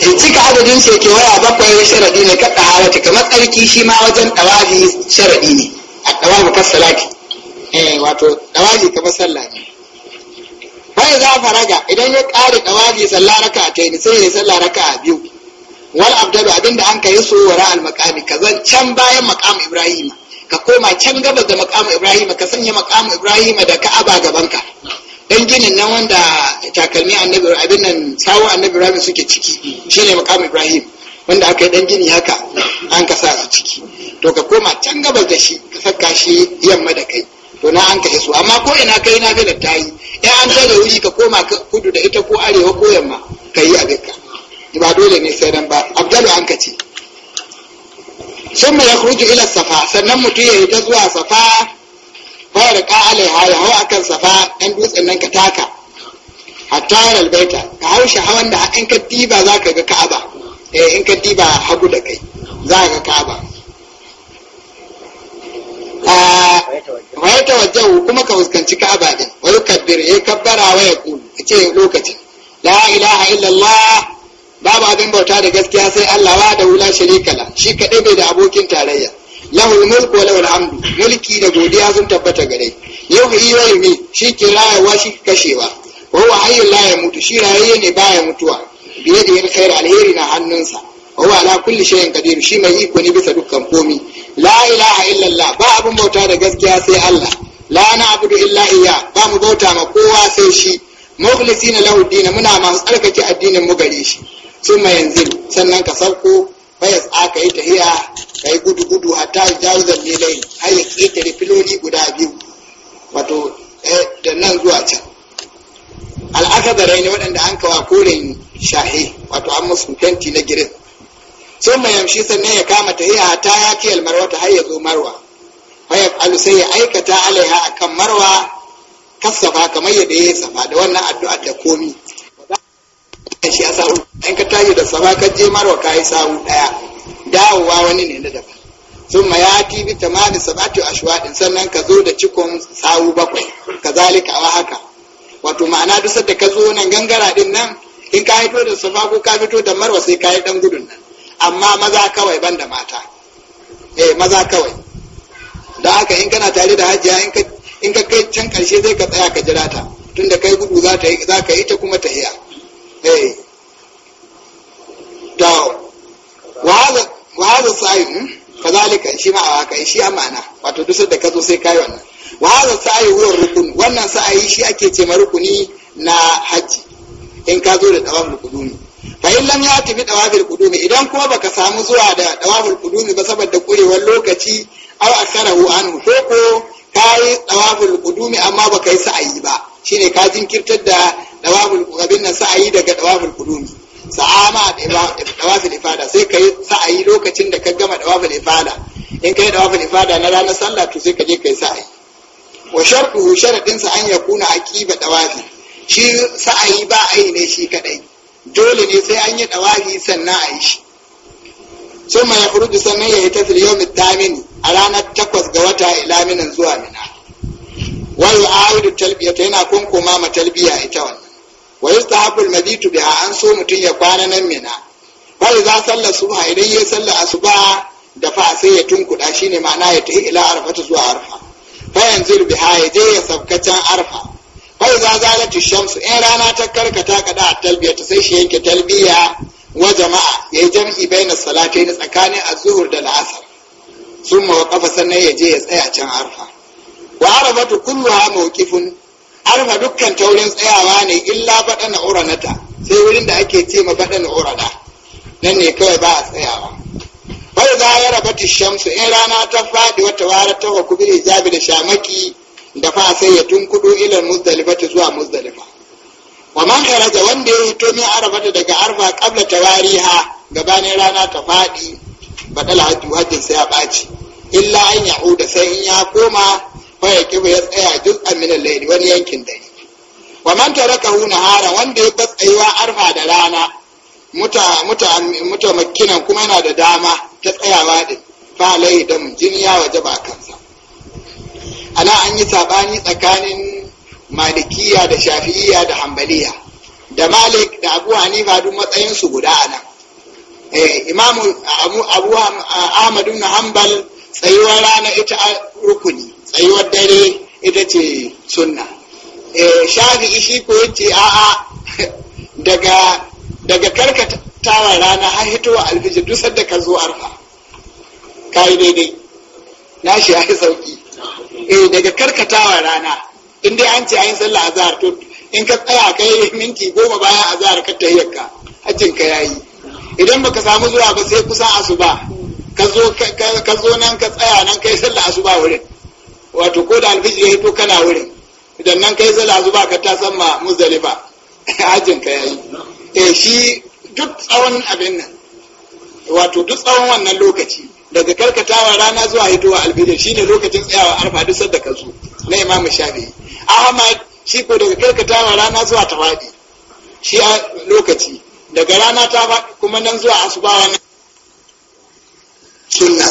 cika adadin shekewa bakwai sharadi ne kaɗa harata kamar tsarki shi ma wajen ɗawafi sharadi ne a ɗawafi kan salati eh wato ɗawafi kamar sallah ne bai za faraga idan ya ƙara ɗawafi sallah raka a yi sai ya sallaraka sallah raka biyu wal abdalu abinda an kai so wara al maqami ka zan can bayan maqam ibrahima ka koma can gaba da maqam ibrahima ka sanya maqam ibrahima da ka'aba gaban ka dan ginin nan wanda takalmi annabi abin nan sawo annabi ibrahim suke ciki shine makam ibrahim wanda aka yi dan gini haka an ka su ciki to ka koma can gabas da shi ka saka shi yamma da kai to na an kashe su amma ko ina kai na filar ta yi in an tare wuri ka koma kudu da ita ko arewa ko yamma ka yi abin ka ba dole ne sai dan ba abdalu an ka ce sun mai ila safa sannan mutum ya yi ta zuwa safa fa da ƙa'ale haya hau a kan safa ɗan dutsen nan ka taka hatta yaral baita ka hau hawan da in ka diba za ka ga ka'aba eh in ka diba hagu da kai za ka ga ka'aba ah, wayar tawajjahu kuma ka fuskanci ka'aba din wa yukabbir ya kabbara wa ya kulu ce lokacin la ilaha illallah babu abin bauta da gaskiya sai Allah wa da wula shirikala kala. shi kaɗai bai da abokin tarayya lahu mulku wa lahul hamdu mulki da godiya sun tabbata gare yau yi yau mi shi ke rayuwa shi kashewa wa huwa hayyul la yamutu shi rayuwa ne baya mutuwa biye da khair alheri na hannunsa wa huwa ala kulli shay'in qadir shi mai iko ne bisa dukkan komi la ilaha illallah ba abun bauta da gaskiya sai Allah la na'budu illa iyya ba mu bauta ma kowa sai shi mukhlisina lahu din muna masu tsarkake addinin mu gare shi sun yanzu sannan ka sauko bayan a ka yi tahiya ka yi gudu gudu a ta jawo zanne lai har ya ƙetare filoli guda biyu wato eh, da nan zuwa can da raini waɗanda an kawa koren shahe wato an musu fenti na girin sun mai yamshi sannan ya kama tahiya ta ya ke marwa ta har ya zo marwa fayaf sai ya aikata alaiha akan marwa kasafa kamar yadda ya yi safa da wannan addu'a da komi shi ya in ka tashi da safa ka je marwa ka yi sawu ɗaya dawowa wani ne na daban sun ma ya tibi tamani sabatu ashwadin sannan ka zo da cikon sawu bakwai kazalika wa haka wato ma'ana duk da ka zo nan gangara din nan in ka fito da safa ko ka fito da marwa sai ka yi dan gudun nan amma maza kawai ban da mata eh maza kawai don haka in kana tare da hajiya in ka kai can karshe zai ka tsaya ka jira ta tunda kai gudu za ka yi ta kuma ta tahiya eh down wa hada sa'i hmm? kazalika shi ma haka shi amana wato dusar da ka zo sai kai wannan wa hada sa'i wurin rukun wannan sa'i shi ake ce ma rukuni na haji in ka zo da dawaful qudumi fa in lam yati bi dawafil qudumi idan kuma baka samu zuwa da dawaful qudumi ba saboda kurewar lokaci aw akharahu anhu ko ko kai dawaful qudumi amma baka yi sa'ayi ba shine ka jinkirtar da dawaful qudumi nan sa'ayi daga dawaful qudumi sa'ama dawafil ifada sai ka yi sa'ayi lokacin da ka gama dawafil ifada in ka yi dawafil ifada na ranar sallah to sai ka je ka yi sa'ayi wa sharɗu sharaɗin sa an yakuna aqiba dawafi shi sa'ayi ba yi ne shi kaɗai, dole ne sai an yi ɗawafi sannan a yi shi sun ma ya furudu sannan ya yi tafil yau a ranar takwas ga wata ilaminan zuwa mina wayo a haidu ta yana kunkuma ma talbiya ita wannan wa ta babul mabitu biha an so mutum ya kwana nan mina wai za sallar subha idan ya sallar asuba da fa sai ya tunkuda shine ma'ana ya ta ila arfa zuwa arfa fa yanzu biha ya je ya can arfa wai za zalatu shamsu in rana ta karkata kada a talbiya ta sai shi yake talbiya wa jama'a ya jam'i baina salatai na tsakanin azuhur da la'asar sun mawa kafa sannan ya je ya tsaya can arfa wa arabatu kulluha mawqifun arfa dukkan taurin tsayawa ne illa baɗa na uranata sai wurin da ake ce ma baɗa na urana nan ne kawai ba a tsayawa bai za ya raba shamsu in rana ta faɗi wata wara ta wa kubiri jabi da shamaki da fa sai ya tunkuɗo ilan muzdalifa ta zuwa muzdalifa wa man kharaja wanda ya hito min arfata daga arfa kabla tawariha gabanin rana ta faɗi baɗala hajju hajjin sai ya ɓaci illa an yahuda sai in ya koma waya kibu ya tsaya duk a al wani yankin dare wa man tarakahu nahara wanda ya tsayuwa arfa da rana muta muta muta kuma yana da dama ta tsayawa din fa lai ya jiniya ba kansa ana an yi sabani tsakanin malikiya da shafi'iyya da hambaliya da malik da abu hanifa duk matsayin su guda a nan eh imamu abu Ahmadu na hambal tsayuwar rana ita rukuni tsayuwar dare ita ce sunna eh, shafi'i shi ko yace a'a daga daga tara rana har hitowa alfijir duk sadda ka zo arfa ka yi daidai na shi ya yi sauki eh daga karkatawa rana in dai an ce an yi sallah azhar to in ka tsaya kai minti goma bayan azhar ka tayyaka hajjin ka yayi idan baka samu zuwa ba sai kusan asuba ka zo ka zo nan ka tsaya nan kai sallah asuba wurin wato ko da alfijir ya hito kana wurin idan nan kai zala zuba ka ta san ma muzdalifa hajin ka yayi eh shi duk tsawon abin nan wato duk tsawon wannan lokaci daga karkatawa rana zuwa hitowa alfijir shine lokacin tsayawa arfa duk sadda ka zo na imamu shafi'i ahmad shi ko daga karkatawa rana zuwa tawadi shi a lokaci daga rana ta kuma nan zuwa asuba wannan sunna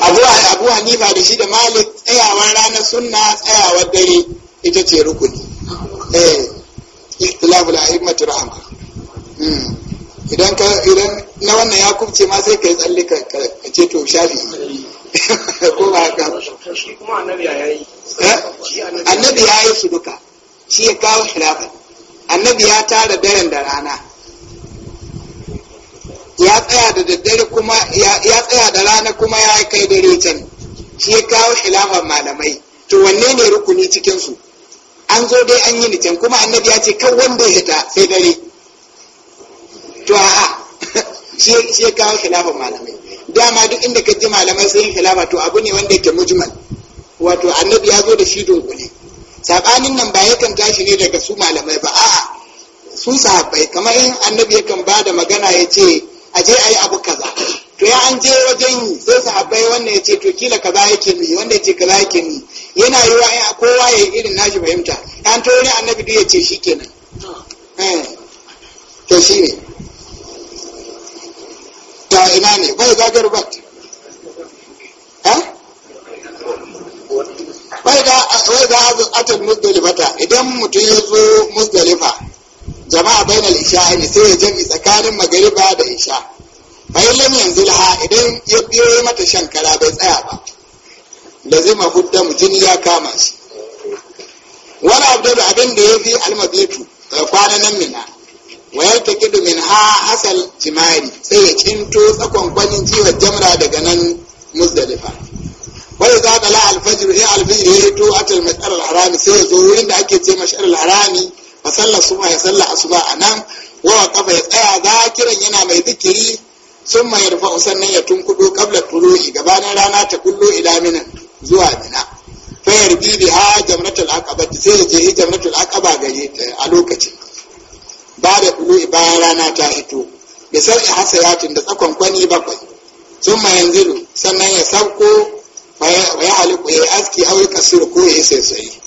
abu hanifa da shi da malik tsayawar rana sunna tsayawar dare ita ce rukuni eh ikhtilaful a'immatu rahma hmm. idan ka idan na wannan ya kubce ma sai kai tsalle ka ce to shafi ko ba ka shi kuma annabi yayi eh? annabi yayi su duka shi ya kawo khilafin annabi ya tara daren da rana ya tsaya da daddare kuma ya tsaya da rana kuma ya kai dare can shi ya kawo khilafan malamai to wanne ne rukuni cikin su an zo dai an yi nitan kuma annabi ya ce kan wanda ya hita sai dare to a shi ya kawo khilafan malamai dama duk inda ka ji malamai sun yi khilafa to abu ne wanda yake mujmal wato annabi ya zo da shi dunkule sabanin nan ba yakan tashi ne daga su malamai ba a'a su sahabbai kamar in annabi yakan ba da magana ya ce a je a yi abu kaza to ya an je wajen yi sai habbai wanda ya ce to kila kaza yake mi wanda ya ce kaza yake mi yana yi wa kowa ya yi irin nashi fahimta an to wani annabi duk ya ce shi kenan eh. to shi ne ta ina ne bai zagar bat bai eh? da wai da atar musdalifa idan mutum ya zo musdalifa jama'a bainal isha ne sai ya jami tsakanin magariba da isha bai lam yanzu ha idan ya biyo mata shan kara bai tsaya ba da ma hudda jini ya kama shi wani abdul abin da ya fi almabitu kwanan nan mina wayar ta kidu min ha hasal jimari sai ya cinto tsakon kwanin jiwar jamra daga nan muzdalifa wai za ta la alfajir ya alfajir ya hito atal matsar harami sai ya zo wurin da ake ce mashar harami wa sallar suba ya sallar asuba a nan wa kafa ya tsaya zakiran yana mai zikiri sun mai rufa sannan ya tunkudo kabla turuhi gabanin rana ta kullo ila zuwa mina fayar bibi ha jamratul aqaba sai ya je jamratul aqaba gare ta a lokacin ba da kullo bayan rana ta hito bi sar'i hasayatin da tsakon kwani bakwai sun yanzu sannan ya sauko ya haliku ya aski hawi kasiru ko ya sai sai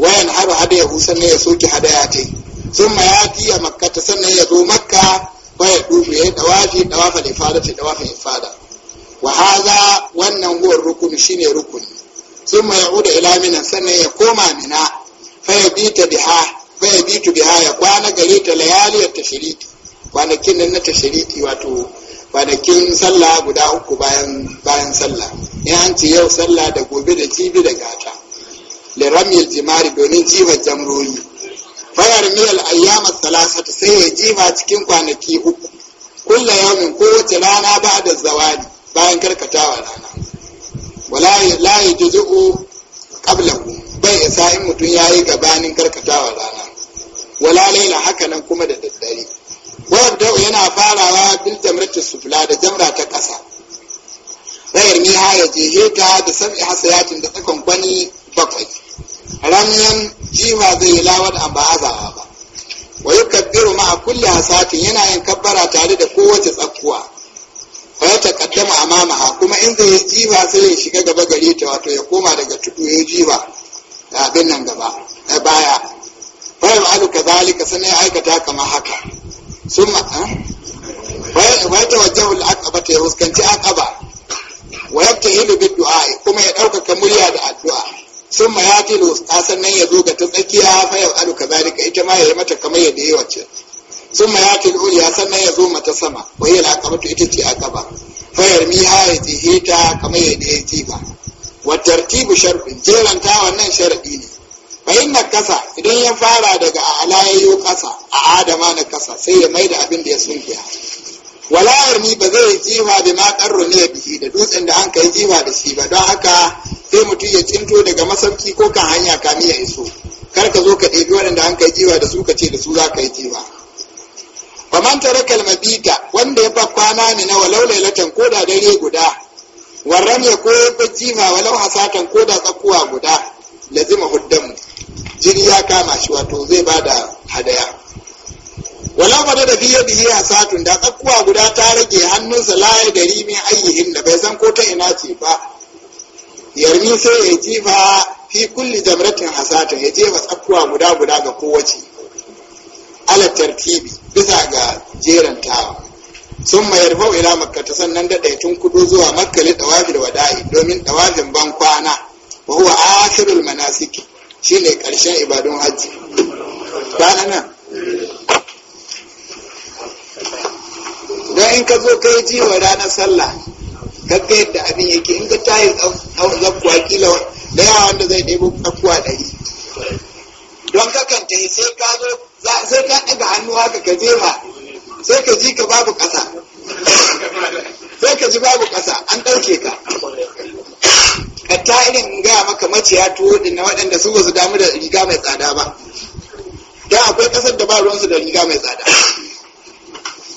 wayan haba hadayahu ne ya soke hadaya ce, sun ma ya tiya makkata sannan ya zo makka waya dufu ya yi dawafi dawafa da fada ce dawafa fada wa haza wannan huwar rukuni shine rukuni sun ma uda ila minan sannan ya koma mina fa ya bita biha fa ya kwana gare ta layaliyar shiriti kwanakin nan na shiriti wato kwanakin sallah guda uku bayan sallah in an ce yau sallah da gobe da jibi da gata da ramiyar jimari domin jibar jamroni fayar miyal ayyama salasata sai ya jima cikin kwanaki uku kulla yawmin kowace rana ba da zawani, bayan karkatawa rana wala la yajzu qablahu bai isa in mutum yayi gabanin karkatawa rana wala laila haka nan kuma da daddare da'u yana farawa bil jamratu sufla da jamra ta kasa Fayar ni haya ya da sam'i hasayatin da tsakan gwani bakwai ramyan jima zai yi an ba azawa ba wa yi kabbiru ma a kulle hasatin yana yin kabbara tare da kowace tsakkuwa fa ya taƙaddama mamaha kuma in zai yi jima sai ya shiga gaba gare ta wato ya koma daga tudu ya jiba sannan ya zo ga ta tsakiya fayar alu ka ita ma ya yi mata kamar yadda ya wacce sun ma ya ce ya sannan ya zo mata sama wai ya ita ce a gaba fayar ha ya tihe ta kamar yadda ya ba wa tartibu sharfin jeranta wannan sharaɗi ne bayin na kasa idan ya fara daga a alayayyo kasa a adama na kasa sai ya maida abin da ya sunkiya walayar ni ba zai jiwa da ma karro ne bihi da dutsen da an kai jiwa da shi ba don haka sai mutum ya tsinto daga masauki ko kan hanya kami ya iso kar ka zo ka ɗebi waɗanda an kai jiwa da su ka ce da su za ka yi jiwa faman tare kalmabita wanda ya kwana ne na walau lailatan ko da dare guda warran ya ko bacci jima walau hasatan ko da tsakuwa guda lazima huddan jini ya kama shi wato zai ba da hadaya walau ba da biye biye hasatun da tsakuwa guda ta rage hannunsa laye da rimin ayyihin da bai san ko ta ina ce ba yarmi sai ya ji ba fi kulli jamratin hasata ya jefa tsakuwa guda guda ga kowace ala tartibi bisa ga tawa. sun mayar bau ila makka sannan daɗa tun kudu zuwa makka li tawafil wada'i domin tawafin ban kwana wa huwa akhirul manasik shine karshen ibadun hajji nan don in ka zo kai wa ranar sallah kaga yadda abin yake in ka tayi zakkuwa kila da yawa wanda zai ɗebo zakkuwa ɗari don kakan ta sai ka zo sai ka ɗaga hannu haka ka jefa sai ka ji ka babu ƙasa sai ka ji babu ƙasa an ɗauke ka ka ta irin gaya maka maciya tuwo ɗin na waɗanda su ba su damu da riga mai tsada ba don akwai ƙasar da ba ruwansu da riga mai tsada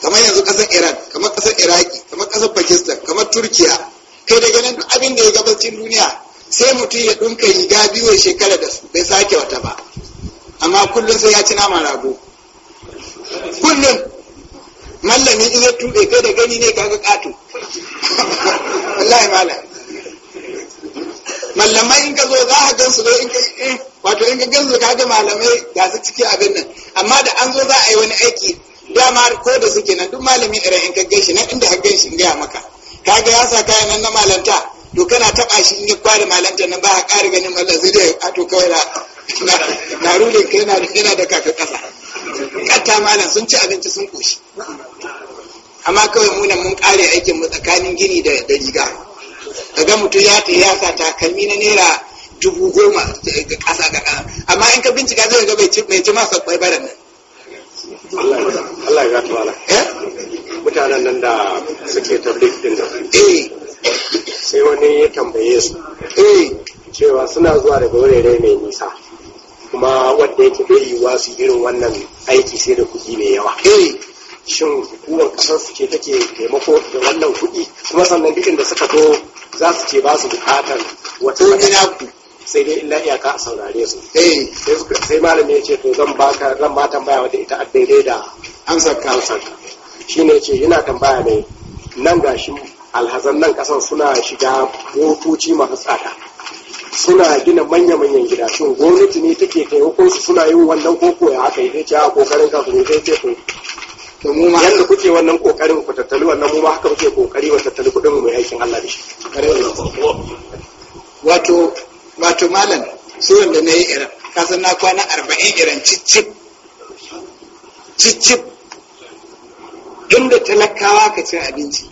kamar yanzu ƙasar iran kamar ƙasar iraki kamar ƙasar pakistan turkiya kai daga nan abin da ya gabacin duniya sai mutum ya ɗunka yi biyu ya shekara da bai sake wata ba amma kullum sai ya ci naman rago kullum mallami in ya tuɗe kai da gani ne kaga ƙato wallahi mala mallamai in ka zo za a gan su in ka eh, wato in ka gan su kaga malamai ga su ciki abin nan amma da an zo za a yi wani aiki dama ko da suke nan duk malami irin in ka shi na inda ka shi in gaya maka kaga ya sa kayan nan na malanta to kana taba shi in ya kwari malanta nan ba ka kare ganin mallan zai da a to kawai na na rule ka na da kina da kaka kasa katta malam sun ci abinci sun koshi amma kawai munan mun kare aikin mu tsakanin gini da da riga kaga mutum ya ta ya sa takalmi na nera dubu goma eh, ga kasa ga kasa amma in ka bincika zai ga bai ci mai ci masa kwaibaran nan Allah ya ga eh mutanen nan da suke tabbik din da eh, sai wani ya tambaye su eh, cewa suna zuwa daga wurare mai nisa kuma wanda yake bai yiwuwa su irin wannan aiki sai da kuɗi mai yawa eh, shin hukumar kasar su take taimako da wannan kuɗi kuma sannan duk da suka zo za su ce ba su bukatar wata ku sai dai illa iyaka a saurare su sai malami ya ce to zan ba ta ma wata ita a daidai da amsar ka amsar ka shine ce yana tambaya ne nan gashi alhazan nan kasan suna shiga motoci masu tsada suna gina manya-manyan gida shin gwamnati ne take kai su suna yin wannan koko ya haka idan ce a kokarin kafin zai ce ku yadda kuke wannan kokarin ku tattali wannan mu ma haka kuke kokari wa tattali kudin mai aikin Allah da shi wato wato malam sai wanda na yi irin kasan na kwana arba'in irin cicip cicip inda talakawa ka cin abinci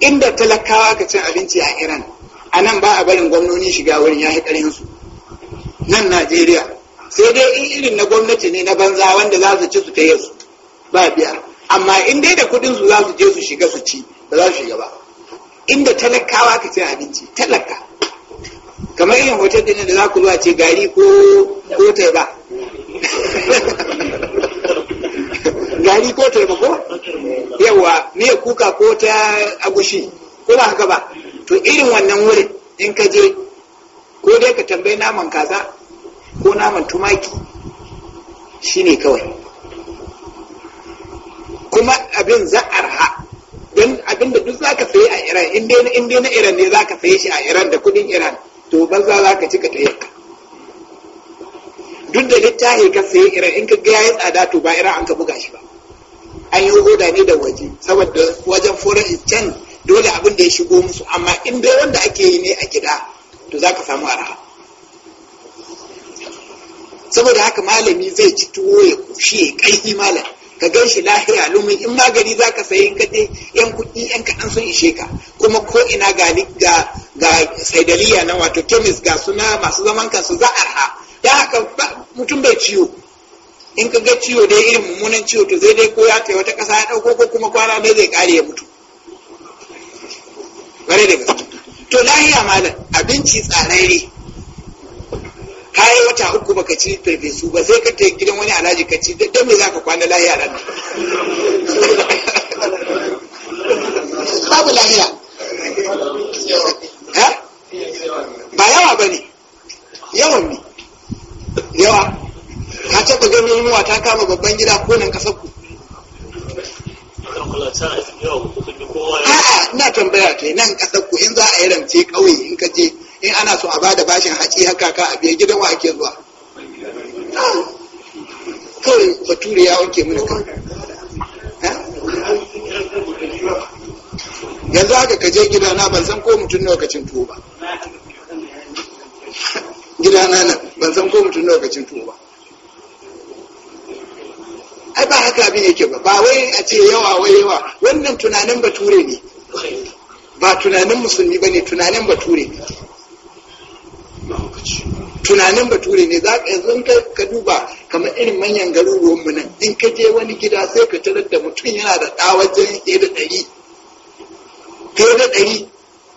inda talakawa ka cin abinci a iran a nan ba a barin gwamnoni shiga wurin ya ƙarin su nan najeriya sai dai in irin na gwamnati ne na banza wanda za su ci su ta yasu ba biya amma in dai da kuɗin su za su je su shiga su ci ba za su shiga ba inda talakawa ka cin abinci talaka kamar irin hotel din da za ku zuwa ce gari ko ko ba gari ko taimako yawa miya kuka ko ta agushi ko ba haka ba to irin wannan wurin in ka je ko dai ka tambayi naman kaza ko naman tumaki shine kawai kuma abin za raha, don abin da duk zaka sayi a iran in dai na iran ne zaka saye shi a iran da kudin iran to banza za ka ci ka tayyaka duk da littahi ka sayi iran in ka gaya ya tsada to ba iran an ka buga shi ba an yi hoda ne da waje saboda wajen foran can dole abin da ya shigo musu amma in dai wanda ake yi ne a gida to za ka samu araha saboda haka malami zai ci tuwo ya kushe ya kai malam ka gan shi lahiya lumin in magani za ka sayi ka yan kuɗi yan kaɗan sun ishe ka kuma ko ina ga ga saidaliya na wato kemis ga suna masu zaman kansu za a arha da haka mutum bai ciwo in ka ga ciwo dai irin mummunan ciwo to zai dai ko ya kai wata ƙasa ya ɗauko ko kuma kwana dai zai ƙare ya mutu bare da gaske to lahiya malam abinci Ka yi wata uku baka ci farfesu ba sai ka ta gidan wani alhaji ka ci don me za ka kwana lahiya ran babu lahiya ma babban gida ko nan kasar ku a'a na tambaya yi nan kasar ku in za a yi rance kauye in ka je in ana so a ba da bashin haƙi haka ka a biya gidan wa ake zuwa kawai bature ya wanke mini kan yanzu haka ka je gidana ban san ko mutum nawa kacin tuwo ba gidana nan ban san ko mutum nawa kacin tuwo ba ba haka abin yake ba ba wai a ce yawa wai yawa wannan tunanin bature ne ba tunanin musulmi ba ne tunanin bature ne tunanin bature ne za ka yanzu ka duba kamar irin manyan garuruwanmu nan in ka je wani gida sai ka tarar da mutum yana da ɗa wajen ɗaya da ɗari ɗaya da ɗari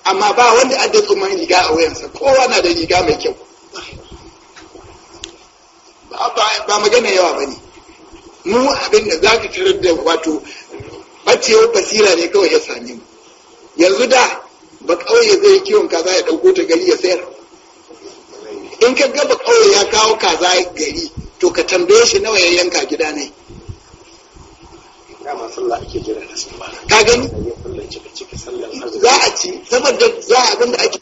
amma ba wanda adda tsuman riga a wayansa kowa na da riga mai kyau ba magana yawa ba ne mu abin da za ka tarar da wato bacewar basira ne kawai ya same mu yanzu da ba kauye zai kiwon kaza ya dauko ta gari ya sayar in ka ga ba ya kawo kaza gari to ka tambaye shi nawa ya yanka gida ne ka gani za a ci saboda za a abin da ake